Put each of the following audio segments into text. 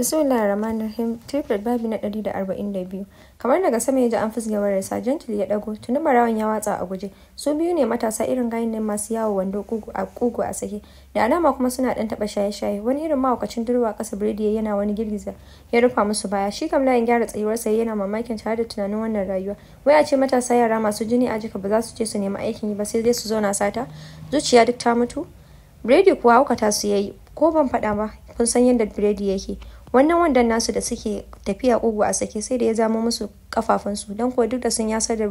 Bismillah Rahman Rahim, Tifred babu na ɗari da da arba'in biyu. Kamar daga sama ya ji an fusge sa Gentle ya dago, tuni barawan ya watsa a guje. Su biyu ne matasa irin gayin nan masu yawo wando a kugu a sake. Da alama kuma suna dan taɓa shaye-shaye, wani irin mahaukacin durwa kasa biredi yana wani girgiza. Ya rufa musu baya, shi kam layin gyara tsayuwar sa yana mamakin tare da tunanin wannan rayuwa. wai a ce matasa yara masu jini a jika ba za su ce su nemi aikin yi ba sai dai su zauna sata. Zuciya duk ta mutu. Biredi kuwa hukata su yayi, ko ban faɗa ba, kun san yadda biredi yake. wannan wandon nasu da suke tafiya ugu a sake sai da ya zama musu kafafunsu don kuwa duk da sun yasar da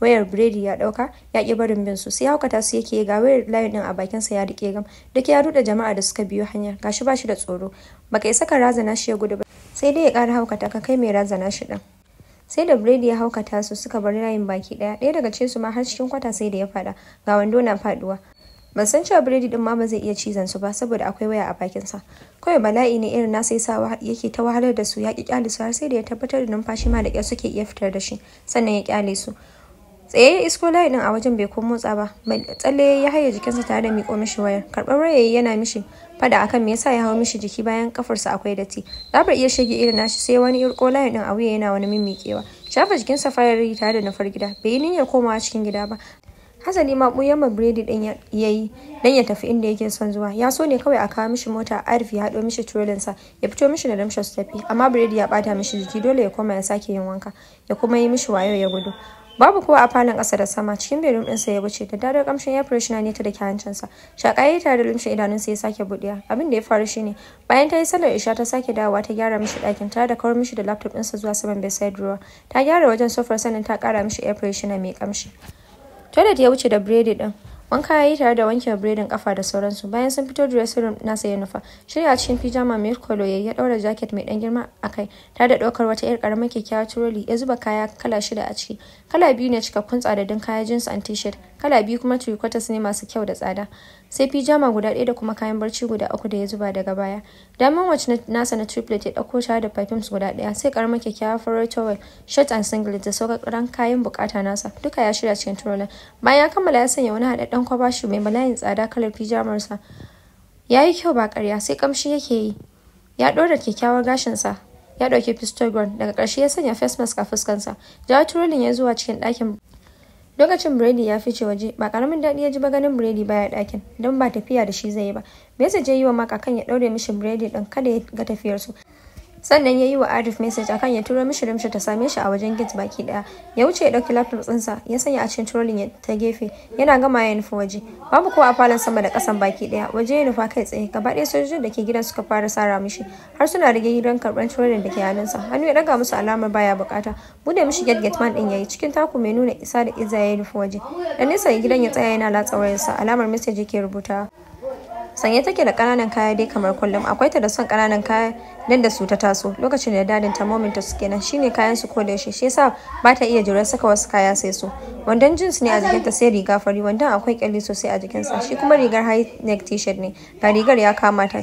wayar biredi ya dauka ya ki barin bin su sai ya haukata su yake ga wayar layin din a bakin sa ya rike gam duk ya rude jama'a da suka biyo hanya gashi bashi da tsoro baka isa ka razana shi ya gudu ba sai dai ya kara haukata ka kai mai razana shi din sai da biredi ya haukata su suka bar layin baki daya daya daga cikin su ma har cikin kwata sai da ya fada ga wando na faduwa ban san cewa biredi din ma ba zai iya cizon su ba saboda akwai waya a bakin sa kawai bala'i ne irin nasa sa yake ta wahalar da su ya ki kyale su har sai da ya tabbatar da numfashi ma da kyar suke iya fitar da shi sannan ya kyale su tsaye ya isko layi din a wajen bai ko motsa ba tsalle ya haye jikinsa tare da miƙo mishi wayar karɓar waya yana mishi fada akan me yasa ya hau mishi jiki bayan kafarsa akwai datti za ba iya shege irin nashi sai wani irko layi din a wuya yana wani mimmiƙewa shafa jikinsa farari tare da nufar gida bai yi niyyar komawa cikin gida ba hasali ma ɓuyan ma biredi ɗin ya yi dan ya tafi inda yake son zuwa ya so ne kawai a kawo mishi mota a arfi ya haɗo mishi sa ya fito mishi da damsha su tafi amma biredi ya ɓata mishi jiki dole ya koma ya sake yin wanka ya kuma yi mishi wayo ya gudu babu kowa a falon ƙasa da sama cikin bedroom sa ya wuce da dare kamshin ya fure shina ne ta da sa. shaka ya yi tare da lumshin sa ya sake buɗiya abin da ya faru shine bayan ta yi sallar isha ta sake dawowa ta gyara mishi ɗakin tare da kawar mishi da laptop ɗinsa zuwa saman bedside drawer ta gyara wajen sofar sannan ta ƙara mishi air freshener mai kamshi Toilet ya wuce da biredi ɗin. wanka ya yi tare da wanke biredin kafa da sauransu bayan sun fito dressing room nasa ya nufa shirya cikin pijama mai kwalo ya ya daura jaket mai dan girma a kai tare da daukar wata yar karamar kyakkyawa turoli ya zuba kaya kala shida a ciki kala biyu ne cikakkun tsadadin kaya jeans and t-shirt kala biyu kuma turquoise ne masu kyau da tsada sai pijama guda ɗaya da kuma kayan barci guda uku da ya zuba daga baya daman wacce nasa na triplet ya ɗauko tare da perfumes guda ɗaya sai karamar kyakkyawa farar towel shirt and singlet da sauran kayan bukata nasa duka ya shirya cikin turolin bayan ya kammala ya sanya wani haɗaɗɗen ɗan kwabashi mai malayin tsada kalar fijamarsa ya yi kyau ba ƙarya sai kamshi yake yi ya ɗora kyakkyawar gashinsa ya ɗauki gun daga ƙarshe ya sanya face mask a fuskansa jawo turolin ya zuwa cikin ɗakin lokacin Brady ya fice waje ba karamin daɗi ya ji ba ganin Brady baya ɗakin don ba tafiya da shi zai yi ba me zai je yi wa maka kan ya ɗaure mishi Brady ɗin kada ya ga tafiyarsu sannan ya yi wa arif message akan ya turo mishi rimshi ta same shi a wajen gate baki daya ya wuce ya dauki laptop tsinsa ya sanya a cikin trolling ta gefe yana gama ya nufi waje babu kowa a falon sama da kasan baki daya waje ya nufa kai tsaye gaba ɗaya sojojin da ke gidan suka fara sara mishi har suna rage gidan karɓar trolling da ke hannunsa hannu ya daga musu alamar baya bukata bude mishi gate gate man din yayi cikin taku mai nuna isa da iza ya nufi waje da nesa gidan ya tsaya yana latsa wayarsa alamar message yake rubuta. sanye take da kananan kaya dai kamar kullum akwai ta da son kananan kaya dan da su ta taso lokacin da dadin ta moment ta suke nan shine kayan su ko da shi shi yasa ba ta iya jira saka wasu kaya sai su wandon jeans ne a jikinta sai riga fari wandon akwai kyalli sosai a jikinsa shi kuma rigar high neck t-shirt ne ga rigar ya kama ta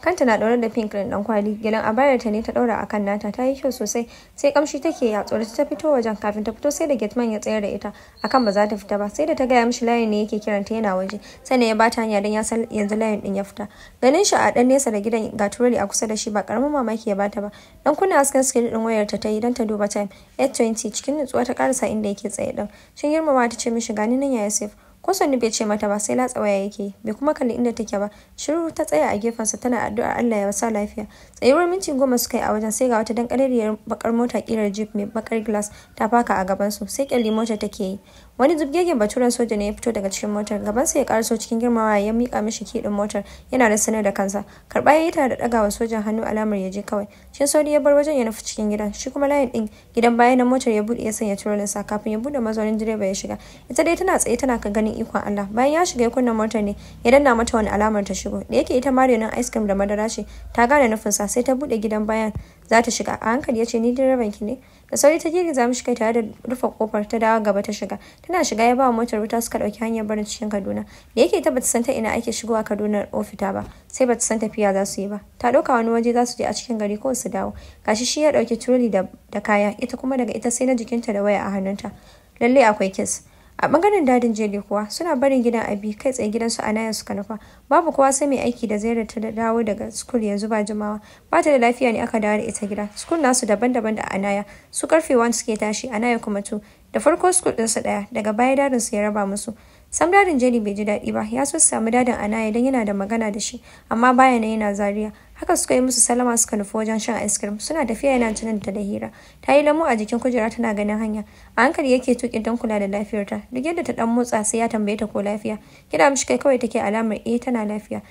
kanta na ɗaure da pink ɗin ɗan kwali a bayar ta ne ta ɗaura a kan nata ta yi kyau sosai sai kamshi take ya tsoro ta fito wajen kafin ta fito sai da gateman ya tsayar da ita akan ba za ta fita ba sai da ta gaya mishi layin ne yake kiranta yana waje sannan ya bata hanya don ya yanzu layin ɗin ya fita ganin shi a ɗan nesa da gidan ga a kusa da shi ba karamin mamaki ya bata ba ɗan kunna hasken screen ɗin wayar ta ta yi don ta duba time 8:20 cikin nutsuwa ta karasa inda yake tsaye ɗin shin girmama ta ce mishi gani nan ya safe. ko sannu bai ce mata ba sai latsa tsawaya yake bai kuma kalli inda take ba shiru ta tsaya a gefensa tana addu'a Allah ya wasa lafiya tsayuwar minti goma suka yi a wajen sai ga wata dan kalariyar bakar mota kirar jeep mai bakar glass ta faka a gaban su sai kyalli mota take yi wani zubgegen baturen soja ne ya fito daga cikin motar gaban sa ya karaso cikin girmawa ya mika mishi kidin motar yana da sanar da kansa karba ya yi tare da dagawa sojan hannu alamar ya je kawai shin sauri ya bar wajen ya nufi cikin gidan shi kuma layin din gidan bayan na motar ya bude ya sanya turolin sa kafin ya bude mazaunin direba ya shiga ita dai tana tsaye tana kan ganin ikon Allah bayan ya shiga ya kunna motar ne ya danna mata wani alamar ta shigo da yake ita nan ice cream da madara ce ta gane nufin sa sai ta bude gidan bayan za ta shiga a hankali ya ce ni direban ki ne da sauri ta girgiza mishi shiga tare da rufe kofar ta dawo gaba ta shiga tana shiga ya ba wa motar wuta suka dauki hanyar barin cikin kaduna da yake ta bata san ta ina ake shigowa kaduna ofita ba sai bata san tafiya za su yi ba ta dauka wani waje za su je a cikin gari ko su dawo gashi shi ya dauki turli da, kaya ita kuma daga ita sai na jikinta da waya a hannunta lallai akwai kiss. a bangaren dadin jeli kuwa suna barin gidan abi kai tsaye gidan su anaya suka nufa babu kowa sai mai aiki da zaira ta dawo daga skul yanzu ba jimawa ba ta da lafiya ne aka dawo da ita gida skul nasu daban-daban da anaya su karfe 1 suke tashi anaya kuma tu da farko school ɗinsu ɗaya daga baya dadin su ya raba musu sam dadin jeli bai ji daɗi ba ya so su samu dadin anaya don yana da magana da shi amma baya na yana zariya haka suka yi musu salama suka nufi wajen shan ice cream suna tafiya yana tunan ta da hira ta yi lamu a jikin kujera tana ganin hanya a hankali yake tuki don kula da lafiyarta duk yadda ta dan motsa sai ya tambaye ta ko lafiya kida mishi kai kawai take alamar eh tana lafiya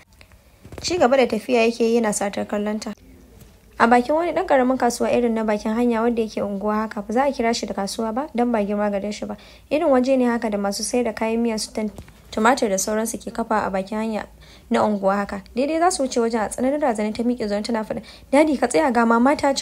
ci gaba da tafiya yake yi yana satar kallonta a bakin wani dan karamin kasuwa irin na bakin hanya wanda yake unguwa haka ba za a kira shi da kasuwa ba dan ba girma gare shi ba irin waje ne haka da masu sayar da kayan miya su tumatir da sauransu ke kafa a bakin hanya na unguwa haka daidai za su wuce wajen a tsananin razanin ta miƙe zuwa tana faɗa dadi ka tsaya ga mama can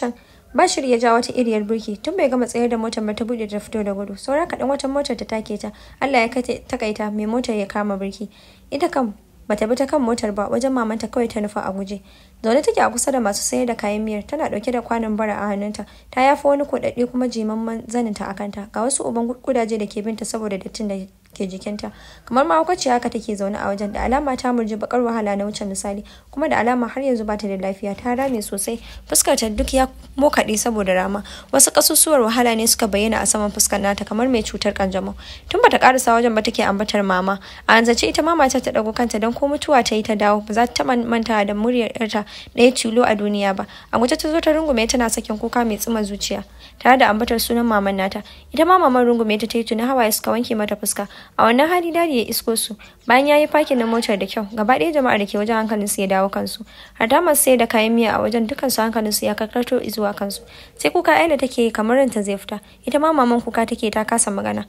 Bashir ya ja wata iriyar burki tun bai gama tsayar da motar ba ta buɗe ta fito da gudu saura kaɗan wata motar ta take ta Allah ya takaita mai motar ya kama burki ita kam bata bi ta kan motar ba wajen mamanta kawai ta nufa a guje zaune take a kusa da masu sayar da kayan miyar tana dauke da kwanon bara a hannunta ta yafa wani kuɗaɗɗe kuma jiman zaninta a kanta ga wasu uban kudaje da ke binta saboda dattin da ke jikinta kamar ma hukaci haka take zaune a wajen da alama ta murji bakar wahala na wucin misali kuma da alama har yanzu ba ta da lafiya ta rame sosai fuskar ta duk ya mokade saboda rama wasu kasusuwar wahala ne suka bayyana a saman fuskar nata kamar mai cutar kanjamau tun ba ta karasa wajen ba take ambatar mama a ce ita mama ta ta dago kanta dan ko mutuwa ta yi ta dawo ba za ta manta da muryar yarta ɗaya tilo a duniya ba a guje ta zo ta rungume tana sakin kuka mai tsima zuciya tare da ambatar sunan maman nata ita ma maman rungume ta tayi tuna hawaye suka wanke mata fuska a wannan hali dadi ya isko su bayan yayi yi fakin na motar da kyau gaba ɗaya jama'a da ke wajen hankalin su ya dawo kansu har masu sai da kayan miya a wajen dukkan su hankalin su ya karkarto zuwa kansu sai kuka aina take kamar ranta zai fita ita ma maman kuka take ta kasa magana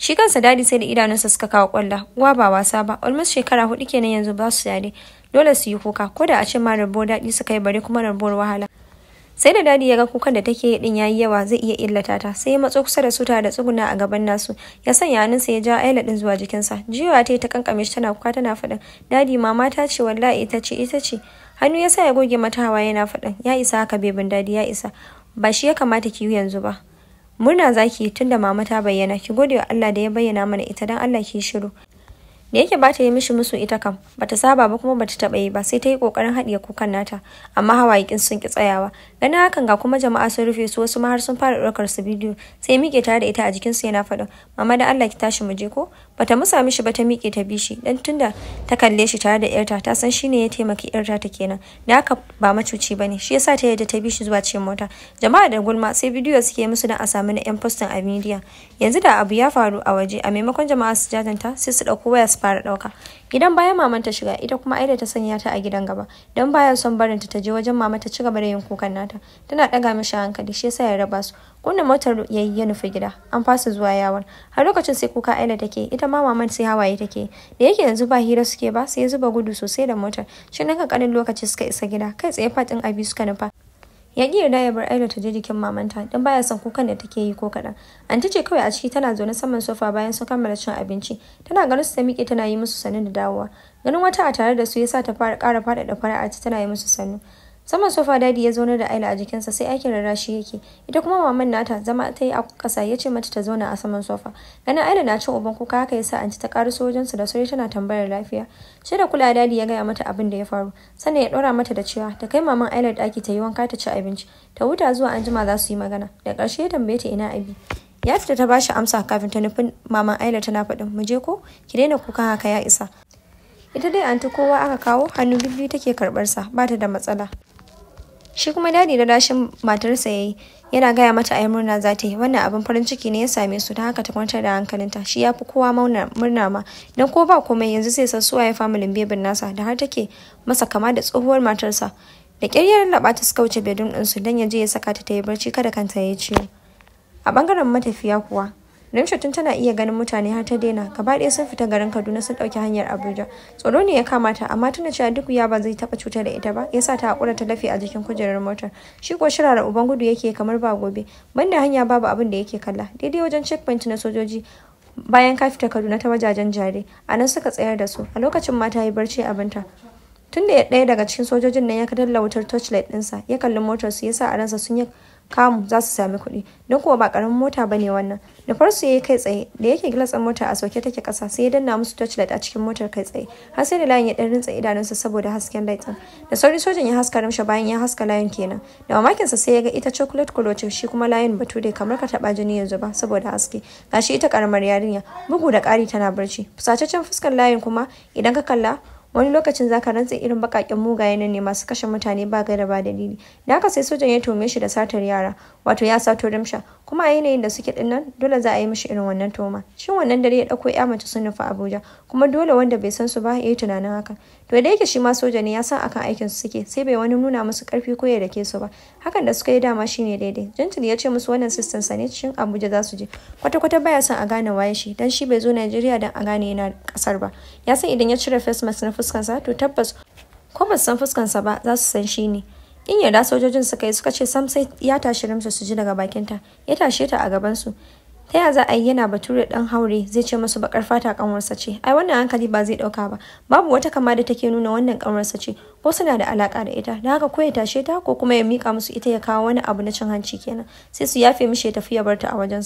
shi kansa dadi sai da idanunsa suka kawo kwalla uwa ba wasa ba almost shekara hudu kenan yanzu ba su yare dole su yi kuka ko da a ce ma rabo dadi suka yi bare kuma rabuwar wahala sai da dadi ya ga kukan da take din yayi yawa zai iya illata ta sai ya matso kusa da su tare da tsuguna a gaban nasu ya sanya hannunsa ya ja aila din zuwa jikinsa jiwa ta ta kankame shi tana kuka tana faɗin dadi mama ta ce wallahi ita ce ita ce hannu ya sa ya goge mata hawa yana faɗin ya isa haka bebin dadi ya isa ba shi ya kamata ki yi yanzu ba murna zaki tunda mama ta bayyana ki gode wa Allah da ya bayyana mana ita dan Allah ki shiru da yake ba ta yi mishi musu ita kam ba ta saba ba kuma ba ta taba yi ba sai ta yi kokarin haɗiye kukan nata amma hawayekin sun ki tsayawa ganin hakan ga kuma jama'a sun rufe su wasu ma har sun fara ɗaukar su bidiyo sai miƙe tare da ita a jikin su yana faɗin mama da Allah ki tashi mu je ko ta musa mishi ba ta miƙe ta bishi dan tunda ta kalle shi tare da yarta ta san shine ya taimaki yarta ta kenan da haka ba macuci bane shi yasa ta yadda ta bishi zuwa cikin mota jama'a da gulma sai bidiyo suke musu dan a samu na yan postin a media yanzu da abu ya faru a waje a maimakon jama'a su jajanta sai su ɗauko waya fara ɗauka gidan bayan maman ta shiga ita kuma aida ta sanya ta a gidan gaba don baya son barin ta je wajen mama ta ci gaba da yin kukan nata tana ɗaga mishi hankali shi yasa ya raba su kunna motar ya ya nufi gida an fasa zuwa yawon har lokacin sai kuka aida take ita ma mama sai hawaye take da yake yanzu ba hira suke ba sai ya zuba gudu sosai da motar shi nan ƙanin lokaci suka isa gida kai tsaye fatin abi suka nufa ya ƙi yarda ya bar ta je jikin mamanta don baya son kukan da take yi ko kaɗan. Anti ce kawai a ciki tana zaune saman sofa bayan sun kammala cin abinci. Tana ganin su ta miƙe tana yi musu sannu da dawowa. Ganin wata a tare da su ya sa ta fara ƙara faɗaɗa fara'a tana yi musu sannu. saman sofa dadi ya zauna da aila a jikinsa sai aikin rarrashi yake ita kuma maman nata zama ta yi a kasa ya ce mata ta zauna a saman sofa ganin aila na cin uban kuka haka yasa ci ta karu wajensu da sauri tana tambayar lafiya shi da kula dadi ya gaya mata abin da ya faru sannan ya dora mata da cewa ta kai maman aila daki ta yi wanka ta ci abinci ta huta zuwa anjima za su yi magana da karshe ya tambaye ta ina abi ya fita ta bashi amsa kafin ta nufin maman aila tana faɗin mu je ko ki daina kuka haka ya isa ita dai anti kowa aka kawo hannu bibbi take karɓarsa ba ta da matsala Shi kuma dadi da dashin matarsa ya yi, yana gaya mata a yi murna za ta yi, wannan abin farin ciki ne ya same su, don haka ta kwantar da hankalinta. Shi ya fi kowa murna ma, don ko ba komai yanzu sai san suwaye familin bebin nasa, da har take masa kama da tsohuwar matarsa. Da ƙyar laɓa ta suka wuce bedun ɗinsu don ya je ya saka ta ta yi barci kada kanta ya ciwo. A bangaren matafiya kuwa, Rimsha tun tana iya ganin mutane har ta daina, gaba ɗaya sun fita garin Kaduna sun ɗauki hanyar Abuja. Tsoro ne ya kamata, amma tana cewa duk ya ba zai taɓa cutar da ita ba, ya sa ta haƙura ta lafiya a jikin kujerar motar. Shi ko shirara uban gudu yake kamar ba gobe, banda hanya babu abin da yake kalla. Daidai wajen checkpoint na sojoji, bayan ka fita Kaduna ta wajajen jare, a nan suka tsayar da su, a lokacin mata yi barci abinta. Tun da ɗaya daga cikin sojojin nan ya kadalla wutar torchlight ɗinsa, ya kalli motar su ya sa a ransa sun yi kamu za su sami kuɗi don kuwa ba ƙaramin mota ba ne wannan nufarsu ya yi kai tsaye da yake gilasan mota a sauke take ƙasa sai ya danna musu torchlight a cikin motar kai tsaye har sai da layin ya ɗan rintsa idanunsa saboda hasken light ɗin da sauri sojan ya haska ramsha bayan ya haska layin kenan da mamakinsa sai ya ga ita chocolate color shi kuma layin batu dai kamar ka taɓa jini yanzu ba saboda haske gashi ita ƙaramar yarinya bugu da ƙari tana barci fusataccen fuskar layin kuma idan ka kalla wani lokacin zaka rantse irin bakakken mugaye nan ne masu kashe mutane ba gaira ba dalili da haka sai sojan ya tome shi da satar yara wato ya sato damsha kuma a yanayin da suke dinnan dole za a yi mishi irin wannan toma shin wannan dare ya dauko ya mace sun nufa Abuja kuma dole wanda bai san su ba ya yi tunanin haka to da yake shi ma soja ne ya san akan aikin su suke sai bai wani nuna musu karfi ko ya dake su ba hakan da suka yi dama shine daidai jintin ya ce musu wannan sistan sa ne shin Abuja za su je kwata kwata baya son a gane waye shi dan shi bai zo Najeriya dan a gane yana kasar ba ya san idan ya cire face mask na fuskansa to tabbas ko ba san fuskansa ba za su san shi ne in yarda sojojin suka yi suka ce sam sai ya tashi ramsa su ji daga bakinta ya tashe ta a gabansu ta ya za a yi yana bature dan haure zai ce musu bakar fata kanwarsa ce ai wannan hankali ba zai dauka ba babu wata kama da take nuna wannan kanwarsa ce ko suna da alaka da ita da haka ko ya tashe ta ko kuma ya mika musu ita ya kawo wani abu na cin hanci kenan sai su yafe mishi ya tafi ya bar ta a wajen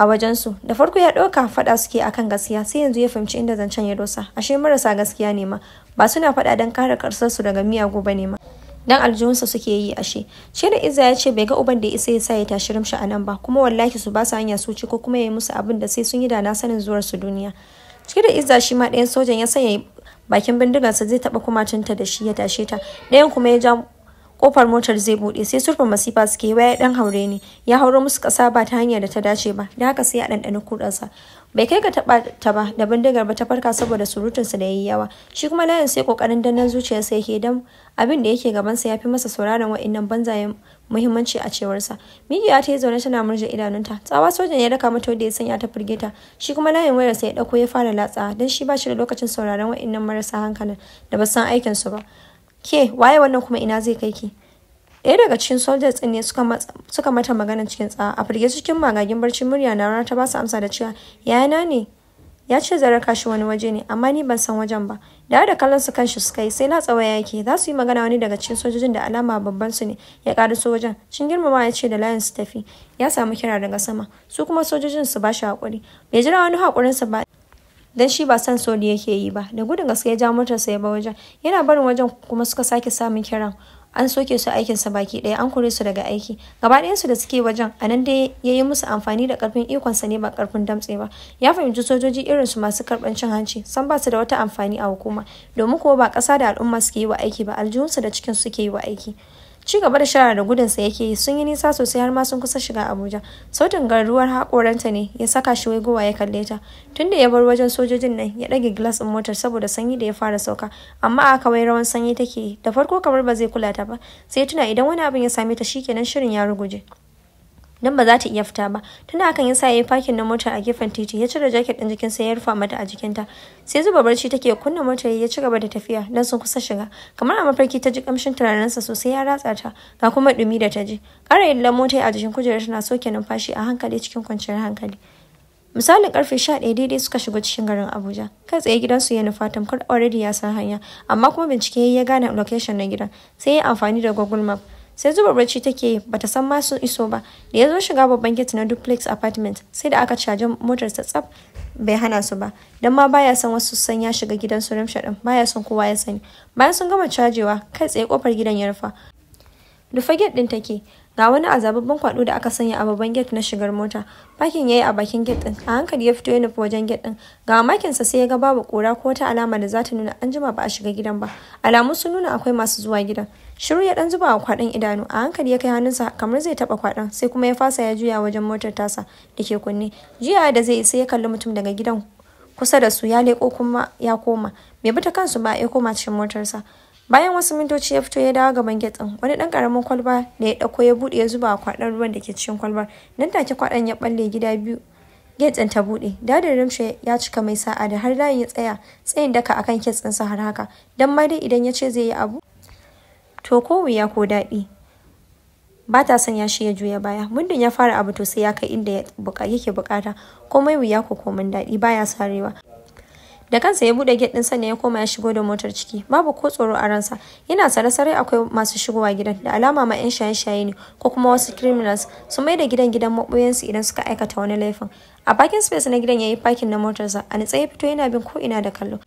a wajensu da farko ya ɗauka faɗa suke akan gaskiya sai yanzu ya fahimci inda zancen ya dosa ashe marasa gaskiya ne ma ba suna faɗa don kare karsarsu daga miyagu ba ne ma dan aljihunsa suke yi ashe da izza ya ce bai ga uban da ya isa ya sa ya tashi rumshi anan ba kuma wallahi su ba su hanya su ci ko kuma ya yi musu abin da sai sun yi da na sanin zuwar su duniya cikin da izza shi ma ɗayan sojan ya sanya bakin bindigar sa zai taba kumacinta da shi ya tashe ta ɗayan kuma ya ja kofar motar zai bude sai surfa masifa suke waya dan haure ne ya hauro musu kasa ba ta hanyar da ta dace ba da haka sai ya ɗanɗana kudansa bai kai ga taba ta ba da bindigar ba ta farka saboda surutunsa da yi yawa shi kuma layin sai kokarin zuciya zuciyarsa ke dan abin da yake gabansa ya fi masa sauraron wa'annan banzayen muhimmanci a cewarsa mijiya ta yi zaune tana murje idanunta tsawa sojan ya daka mata wanda ya sanya ta firgita shi kuma layin wayar sa ya dauko ya fara latsa dan shi ba shi da lokacin sauraron wa'annan marasa hankalin da ba san aikin su ba ke waye wannan kuma ina zai kai ki ɗaya daga cikin soldiers ɗin ne suka mata magana cikin tsawa a firge cikin magagin barci murya na rana ta ba su amsa da cewa yana ne ya ce zarar kashi wani waje ne amma ni ban san wajen ba da da kallon su kanshi suka yi sai na tsawa yake za su yi magana wani daga cikin sojojin da alama babban su ne ya su wajen cin girmama ya ce da layin su tafi ya samu kira daga sama su kuma sojojin su ba shi hakuri bai jira wani hakurin sa ba dan shi ba san sodi yake yi ba da gudun gaske ya ja motar sa ya ba wajen yana barin wajen kuma suka sake samun kiran an soke su aikin sa baki daya an kore su daga aiki gaba su da suke wajen a nan dai ya yi musu amfani da ƙarfin ikonsa ne ba karfin damtse ba ya fahimci sojoji irin su masu karɓar cin hanci san ba su da wata amfani a hukuma domin kuwa ba ƙasa da al'umma suke yi wa aiki ba aljihunsu da cikin suke yi wa aiki ci gaba da shara da gudunsa yake sun yi nisa sosai har ma sun kusa shiga abuja sautin garuwar hakoranta ne ya saka shi wai gowa ya kalle ta tunda ya bar wajen sojojin nan ya ɗage gilas ɗin motar saboda sanyi da ya fara sauka amma a kawai rawan sanyi take da farko kamar ba zai kula ta ba sai tuna idan wani abin ya same ta shikenan shirin ya ruguje don ba za ta iya fita ba tana hakan ya sa ya yi fakin na mota a gefen titi ya cire jaket ɗin jikinsa ya rufa mata a jikinta sai zuba barci take kunna mota ya ci gaba da tafiya don sun kusa shiga kamar a mafarki ta ji kamshin turarensa sosai ya ratsa ta ga kuma dumi da ta ji ƙara illan mota a jikin kujerar tana soke numfashi a hankali cikin kwanciyar hankali misalin karfe ɗaya daidai suka shiga cikin garin abuja kai tsaye gidansu ya nufa tamkar already ya san hanya amma kuma bincike ya gane location na gidan sai ya amfani da google map sai zuba barci take yi bata san ma sun iso ba da ya zo shiga babban gate na duplex apartment sai da aka caji motarsa tsaf bai hana su ba don ma baya san wasu san ya shiga gidan su ramsha din baya son kowa ya sani bayan sun gama cajewa kai tsaye kofar gidan ya rufa rufe gate din take ga wani azababban kwado da aka sanya a babban gate na shigar mota bakin yayi a bakin gate din a hankali ya fito ya nufi wajen gate din ga makin sa sai ya ga babu kora ko ta alama da za ta nuna an jima ba a shiga gidan ba alamu sun nuna akwai masu zuwa gidan shiru ya dan zuba a idanu a hankali ya kai hannunsa kamar zai taba kwaɗin sai kuma ya fasa ya juya wajen motar tasa da ke kunne jiya da zai sai ya kalli mutum daga gidan kusa da su ya leko kuma ya koma bai bi ta kansu ba ya koma cikin motarsa bayan wasu mintoci ya fito ya dawo gaban gate din wani dan karamin kwalba da ya dauko ya bude ya zuba kwadan ruwan da ke cikin kwalbar nan take kwadan ya balle gida biyu gate din ta bude dadin rimshe ya cika mai sa'a da har layin ya tsaya tsayin daka akan kitsin sa har haka dan ma dai idan ya ce zai yi abu to ko wuya ko daɗi ba ta son ya shi ya juya baya muddin ya fara abu to sai ya kai inda yake bukata komai wuya ko komin daɗi baya sarewa da kansa ya bude gate din sannan ya koma ya shigo da motar ciki babu ko tsoro a ransa yana sare sare akwai masu shigowa gidan da alama ma yan shaye shaye ne ko kuma wasu criminals su mai da gidan gidan su idan suka aikata wani laifin a parking space na gidan yayi parking na motarsa a nitsaye fito yana bin ko ina da kallo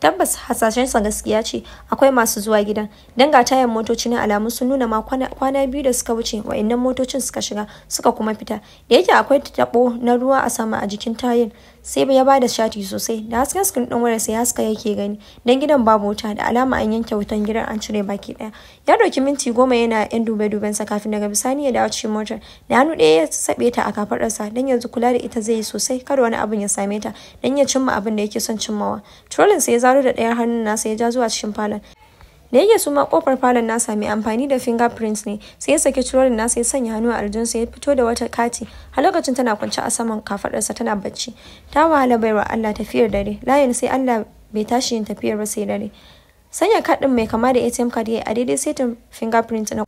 tabbas hasashensa gaskiya ce akwai masu zuwa gidan don ga tayan motoci na alamu sun nuna ma kwana biyu da suka wuce wa'annan motocin suka shiga suka kuma fita da yake akwai tabo na ruwa a sama a jikin tayin sai ya ba da shati sosai da hasken screen din wayar sai haska yake gani dan gidan babu wuta da alama an yanke wutan gidan an cire baki daya ya ɗauki minti goma yana yan dube duben sa kafin daga bisani ya dawo cikin motar da hannu ɗaya ya saɓe ta a kafadar sa dan yanzu kula da ita zai yi sosai kar wani abin ya same ta dan ya cimma abin da yake son cimmawa trolling sai ya zaro da ɗayar hannun nasa ya ja zuwa cikin falon da yake suma ma kofar falon nasa mai amfani da fingerprints ne sai ya saki curorin nasa ya sanya hannu a aljinsa ya fito da wata kati a lokacin tana kwance a saman kafadarsa tana bacci ta wahala baiwa Allah tafiyar dare layin sai Allah bai tashi yin tafiyar ba sai dare sanya kadin mai kama da ATM card yayi a daidai setin fingerprint na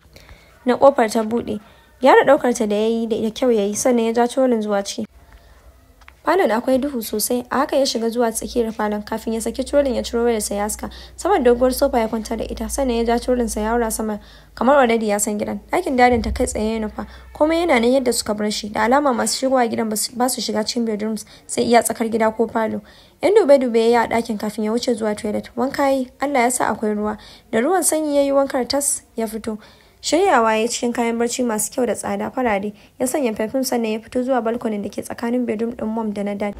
na kofar ta bude gyara daukar ta da yayi da kyau yayi sannan ya ja colin zuwa ciki falon akwai duhu sosai a haka ya shiga zuwa tsakiyar falon kafin ya saki trolin ya ciro wayarsa ya aska saman doguwar sofa ya kwanta da ita sannan ya ja sa ya haura sama kamar already ya san gidan ɗakin dadin ta kai tsaye ya nufa komai yana nan yadda suka bar shi da alama masu shigowa gidan ba su shiga cikin bedrooms sai iya tsakar gida ko falo yan dube-dube ya yi a ɗakin kafin ya wuce zuwa toilet wanka yi allah ya sa akwai ruwa da ruwan sanyi ya yi wankar tas ya fito Shiryawa ya cikin kayan barci masu kyau da tsada farare, ya sanya faifin sannan ya fito zuwa balkonin da ke tsakanin bedroom ɗin mom da na dad.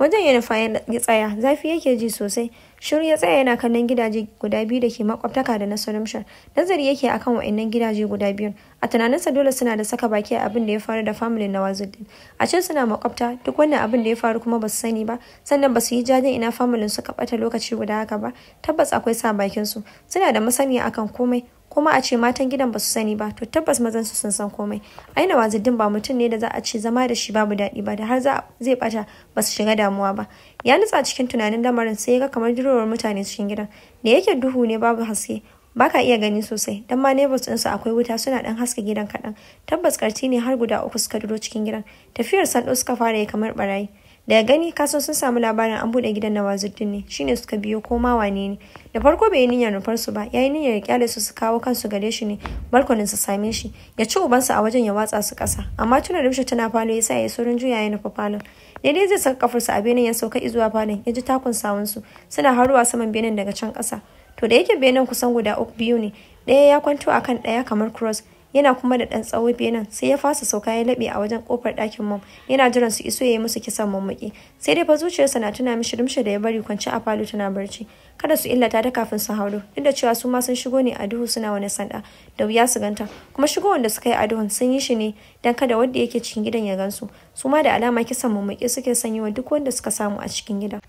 Wajen ya nufa ya tsaya, zafi yake ji sosai. Shiru ya tsaya yana kallon gidaje guda biyu da ke makwabtaka da na Solution. Nazari yake akan wa'annan gidaje guda biyun. A tunaninsa dole suna da saka baki a abin da ya faru da family na Wazuddin. A can suna makwabta, duk wannan abin da ya faru kuma ba su sani ba, sannan ba su yi jajin ina family suka bata lokaci guda haka ba. Tabbas akwai sa bakin su. Suna da masaniya akan komai. kuma a ce matan gidan ba su sani ba to tabbas mazan su sun san komai aina waziddin ba mutum ne da za a ce zama da shi babu daɗi ba da har za zai bata ba su shiga damuwa ba ya nutsa cikin tunanin lamarin sai ya ga kamar durowar mutane cikin gidan da yake duhu ne babu haske baka iya gani sosai dan ma neighbors su akwai wuta suna ɗan haska gidan kaɗan tabbas karti ne har guda uku suka duro cikin gidan tafiyar sando suka fara yi kamar barayi daga gani kaso sun samu labarin an bude gidan nawazuddin ne shine suka biyo ko ma wane ne da farko bai yi niyyar nufar su ba yayi niyyar kyale su su kawo kansu gare shi ne balkonin su same shi ya ci ubansa a wajen ya watsa su kasa amma tuna rushe tana falo yasa ya saurin juya ya nufa falon ne zai saka kafarsa a benin ya sauka izuwa falon ya ji takun sawun su suna haruwa saman benin daga can kasa to da yake benin kusan guda uku biyu ne daya ya kwanto akan ɗaya kamar cross yana kuma da ɗan tsawo benin sai ya fasa sauka ya laɓe a wajen kofar ɗakin mom yana jiran su iso ya yi musu kisan mamaki sai dai fa zuciyarsa na tuna mishi rumshe da ya bari kwanci a falo tana barci kada su illata ta kafin su hauro duk da cewa su ma sun shigo ne a duhu suna wani sanda da wuya su ganta kuma shigo wanda suka yi a duhun sun yi shi ne dan kada wanda yake cikin gidan ya gansu su ma da alama kisan mamaki suke sanyi wa duk wanda suka samu a cikin gidan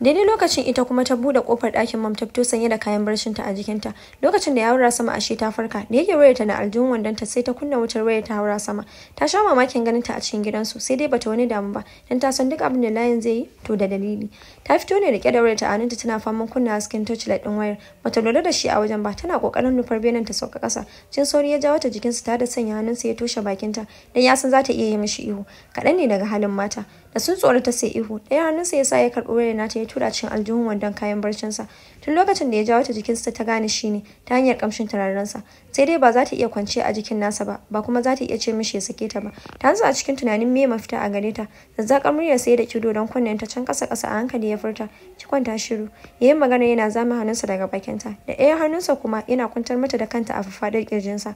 daidai lokacin ita kuma ta buɗe kofar ɗakin mam ta fito sanye da kayan barcinta a jikinta lokacin da ya haura sama ashe ta farka da yake wayarta na aljihun wandonta sai ta kunna wutar wayar ta haura sama ta sha mamakin ganin ta a cikin gidansu sai dai bata wani damu ba dan ta san duk abin da layin zai yi to da dalili ta fito ne rike da wayarta a hannunta tana faman kunna hasken torchlight din wayar bata lura da shi a wajen ba tana kokarin nufar benin ta sauka kasa cin sauri ya ja wata jikinsa ta da sanya hannunsa ya toshe bakinta dan ya san za iya yi mishi ihu kaɗan ne daga halin mata da sun tsorata sai ihu ɗaya hannunsa ya sa ya karɓi wayar nata ya tura cikin aljihun wandon kayan barcinsa tun lokacin da ya jawo ta jikinsa ta gane shi ne ta hanyar kamshin turarensa sai dai ba za ta iya kwanciya a jikin nasa ba ba kuma za ta iya ce mishi ya sake ta ba ta hanzu a cikin tunanin me mafita a gare ta zazzakar muryar sai da kido don kunnen ta can kasa kasa a hankali ya furta ki ta shiru yayin magana yana zama hannunsa daga bakinta da ɗaya hannunsa kuma yana kwantar mata da kanta a kirjin ƙirjinsa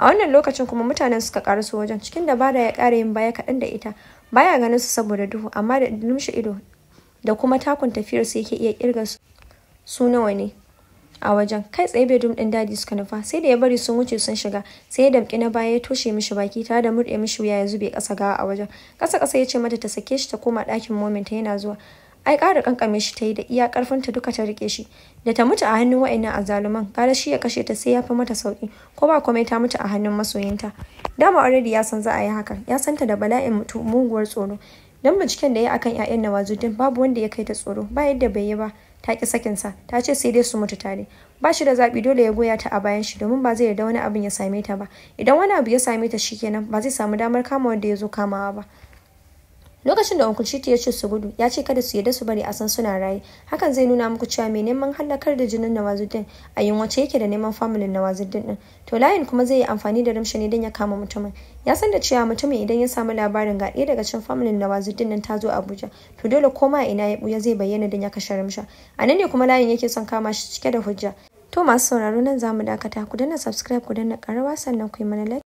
a wannan lokacin kuma mutanen suka su wajen cikin dabara ya ƙara yin baya kaɗan da ita baya ganin su saboda duhu amma da numshi ido da kuma takun tafiyar su yake iya kirga su nawa ne a wajen kai tsaye dum din daji suka nufa sai da ya bari sun wuce sun shiga sai ya damƙi na baya ya toshe mishi baki tare da murɗe mishi wuya ya zube ƙasa gawa a wajen ƙasa ƙasa ya ce mata ta sake shi ta koma ɗakin mominta yana zuwa ai ƙara kankame shi ta yi da iya ƙarfinta duka ta rike shi da ta mutu a hannun wa'annan zaluman gara shi ya kashe ta sai ya fi mata sauki ko ba komai ta mutu a hannun masoyinta dama already ya san za a yi haka ya san ta da bala'in mutu muguwar tsoro dan binciken da ya akan 'ya'yan nawazuddin babu wanda ya kai ta tsoro ba yadda bai yi ba ta ki sakin sa ta ce sai dai su mutu tare ba shi da zaɓi dole ya goya ta a bayan shi domin ba zai yarda wani abin ya same ta ba idan wani abu ya same ta shikenan ba zai samu damar kama wanda ya zo kamawa ba lokacin da uncle ya ce su gudu ya ce kada su yarda su bari a san suna raye hakan zai nuna muku cewa mai neman halakar da jinin nawazuddin a yin yunwace yake da neman familin nawazuddin din to layin kuma zai yi amfani da rimshi ne don ya kama mutumin ya san da cewa mutumin idan ya samu labarin ga ɗaya daga cikin familin nawazuddin nan ta zo abuja to dole koma a ina ya buya zai bayyana don ya kashe rimsha a nan ne kuma layin yake son kama shi cike da hujja to masu sauraro nan za mu dakata ku danna subscribe ku danna karawa sannan ku yi mana like